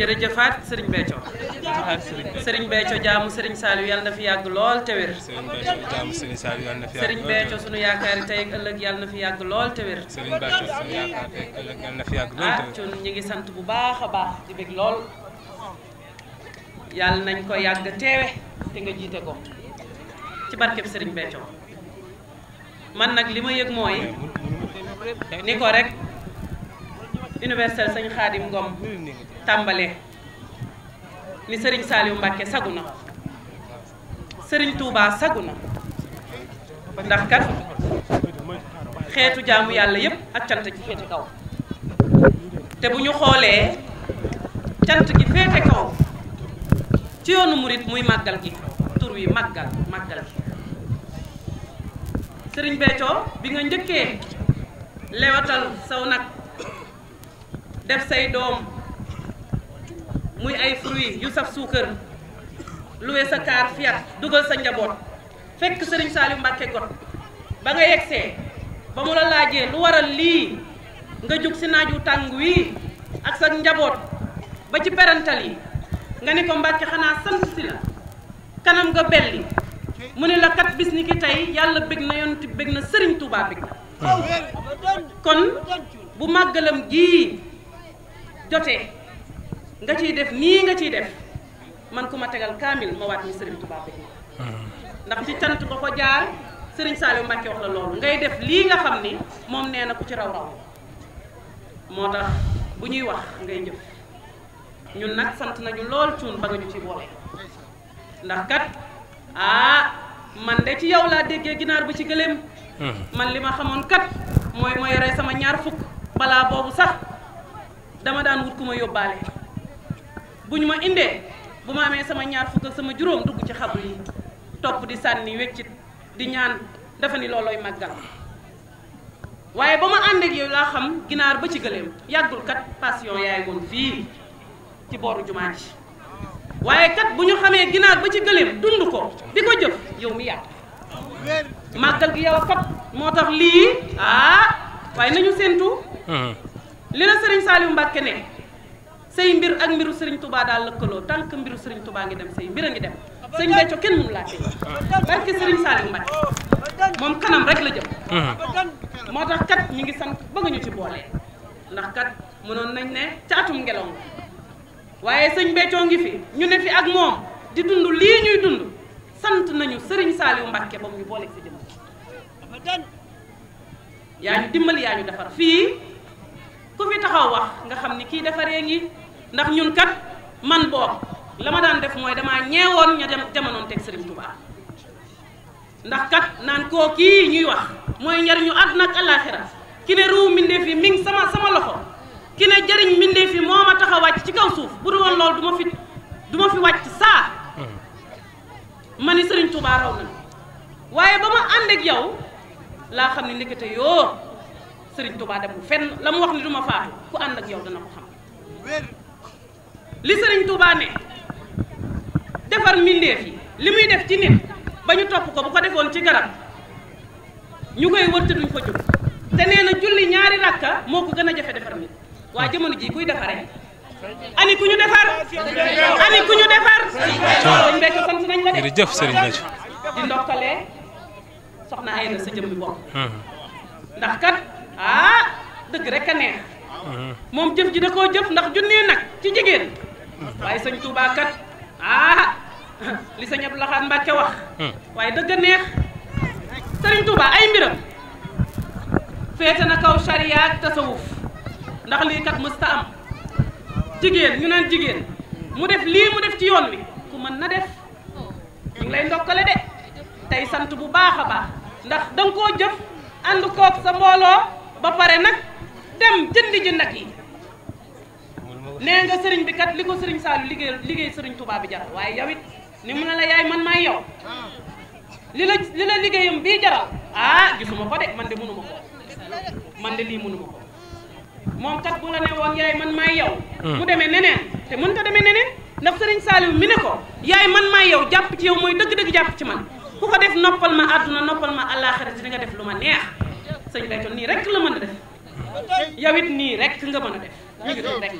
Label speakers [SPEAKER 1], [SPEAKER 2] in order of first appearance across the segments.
[SPEAKER 1] jërëjëfaat sëriñ Béthio sëriñ Béthio jaamu sëriñ Saliou yàlla na fi yàgg lool te wér sëriñ Béthio sunu yaakaari tey ak ëllëg yàlla na fi yàgg lool te wér ah cun ñi ngi sant bu baax a baax di bég lool yàlla nañ ko yàgg teewe te nga jiite ko ci barkeb sëriñ Béthio man nag li ma yëg mooy ni ko rek universel sëñ Xaadim Ngom tàmbale ni sëriñ Saliou Mbacke sagu na sëriñ Touba sagu na ndax kat xeetu jaamu yàlla yépp ak cant gi féete kaw te bu ñu xoolee cant gi féete kaw ci yoonu murit muy màggal gi tur wi màggal màggal gi sëriñ Béthio bi nga njëkkee lewatal saw nag def say dom muy ay fruit yu saf suukar luwe sa car fiat dougal sa njabot fekk serigne Saliou Mbacke got ba nga yexé ba mu la lajé lu waral li nga juk ci naaju tang wi ak sa njabot ba ci parental yi nga ni ko Mbacke xana sant ci la kanam nga belli mune la kat bis ki tey yàlla na yonti begg na serigne Touba begg kon bu magalam gi Jote, nga ciy def ni nga ciy def man kuma tegal kamil ma wat ni sëriñ Tuubaa bëgg ndax ci tantu bako jaar serigne Saliou Mbacke wax la ngay def li nga xamni mom neena ku ci raw raw motax tax bu ñuy wax ngay jëf ñun nak sant nañu lool ciun ba nga ñu ci boole ndax kat ah man de ci yow la déggé ginar bu ci gëlem hmm. man lima xamone kat moy moy yore sama ñaar fuk bala bobu sax dama daan wut kuma yobale buñ ma indé bu ma amee sama ñaar fukk sama juroom dugg ci xabru yi top di sanni wéccit di ñaan dafa ni loloy magal waye bama and ak yow la xam ginaar ba ci yagul kat passion yaay woon fi ci boru jumaa kat buñu xamé ginar ginaar ba ci dund ko di jëf yow mi yaa magal gi yow kat motax li ah waye nañu sentu li la sëriñ Saliou Mbacke ne sey mbir ak mbiru serigne Touba dal lëkkaloo tank mbiru serigne Touba ngi dem sey mbir ngi dem serigne beccio ken mënu la tey barke serigne Saliou Mbacke mom kanam rek la jëm motax kat ñi ngi sant bëgg ñu ci bolé ndax kat mënon nañ ne ciatum ngelaw waye serigne beccio ngi fi ñu ne fi ak mom di dund li ñuy dund sant nañu serigne Saliou Mbacke ba ñu boole fi jëm ñu dimbali ya ñu defar fi ku fi taxaw wax nga xamni ki kii defaree ngi ndax ñun kat man boog lama daan def moy dama ñewoon ña dem jamonoon tek Serigne Touba ndax kat naan ko ki ñuy wax ñar ñu adna ak alakhirah ki ne ruu minde fi ming sama sama loxo ki ne jëriñ minde fi moma taxaw wacc ci kaw suuf bu dul woon duma fi duma fi wacc sa mani Serigne Touba raw na waaye ba ak yow la xamni ne yo serigne Touba dem fenn la wax ni duma faa ku and ak yow dana ko xam li serigne Touba ne defar minde fi limuy def ci nit bañu top ko bu ko defon ci garab ñu wërte duñ ko jox te nee julli ñaari rakka moko gëna jafé defar nit wa jamono ji kuy defare ani kuñu defar ani kuñu defar sëriñ Béthio sant nañ la de jërëjëf sëriñ Béthio di ndokkalee soxna ay na sa jëmmi bopp ndax kat ah dëgg rek a neex moom jëf ji da koo jëf ndax junnee nag ci jigéen waaye sëñ Tuubaa kat ah li sëñ Abdou Lahad Mbacke wax waaye dëgg a neex sëriñ Tuubaa ay mbiram féete na kaw sariya ak tasawuf ndax lii kat mësta am jigéen ñu naan jigéen mu def lii mu def ci yoon wi ku mën na def ñu lay ndokkale de tey sant bu baax a baax ndax danga koo jëf ànd koog sa mbooloo ba pare nag dem jëndi ji nag yi nee nga sëriñ bi kat li ko sëriñ Saalu liggéey liggéey sëriñ Touba bi jaral waaye yow ni mu na la yaay man maay yow li la li la liggéeyam bii jaral ah gisuma ko de man de mënuma ko man de lii mënuma ko moom kat bu la ne woon yaay man maay yow hmm. mu demee neneen te mën ta demee neneen ndax sëriñ Saliou mi ne ko yaay man maay yow jàpp ci yow mooy dëgg-dëgg jàpp ci man ku ko def noppal ma àdduna noppal ma àllaaxira di nga def lu ma neex yow it nii rek nga mën a def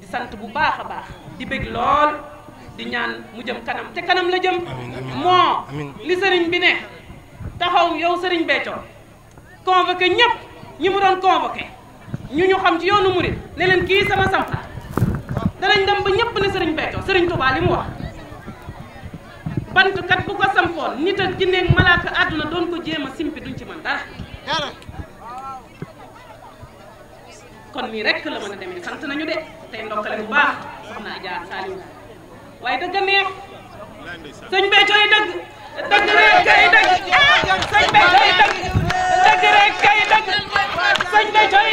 [SPEAKER 1] di sant bu baax a baax di bëgg lool di ñaan mu jëm kanam te kanam la jëm moo li sëriñ bi ne taxaw yow sëriñ Béthio convoqué ñëpp ñi mu doon convoqué ñu ñu xam ci yoonu murid ne leen kii sama sampa danañ dem ba ñëpp ne sëriñ Béthio sëriñ Touba li mu wax bant kat bu ko sampoon nit ak jinne ak malaaka àdduna doon ko jéem a simpi duñ ci mën dara kon nii rek la mën a demee sant nañu de tey ndokkale bu baax soxna Adja Saliou waaye dëgg neex sëñ Béthio yi dëgg dëgg rek kay dëgg kay dëgg sëñ Béthio yi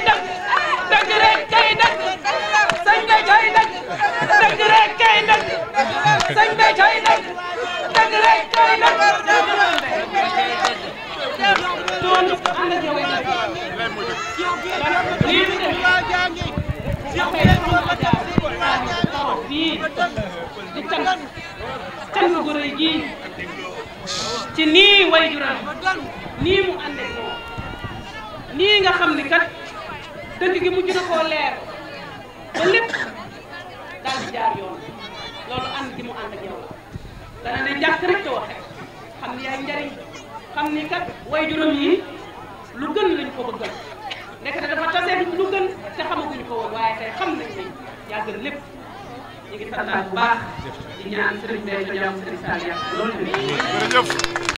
[SPEAKER 1] dëgg dëgg rek kay dëgg koy jiiñ ci nii way juram nii mu ànde moom nii nga xam ni kat dëgg gi mujj na leer ba lépp daal di jaar yoon loolu ànd gi mu ànd ak yow la te waxe xam ni yaay njariñ xam ni kat way juram yi lu gën lañ ko bëggal nekk dafa tasee lu gën te xamaguñu ko woon waaye tey xam nañ ni yaa gën lépp ñu ngi santaat bu baax di ñaan Serigne Béthio Diome Serigne Saliou yàq loolu tamit.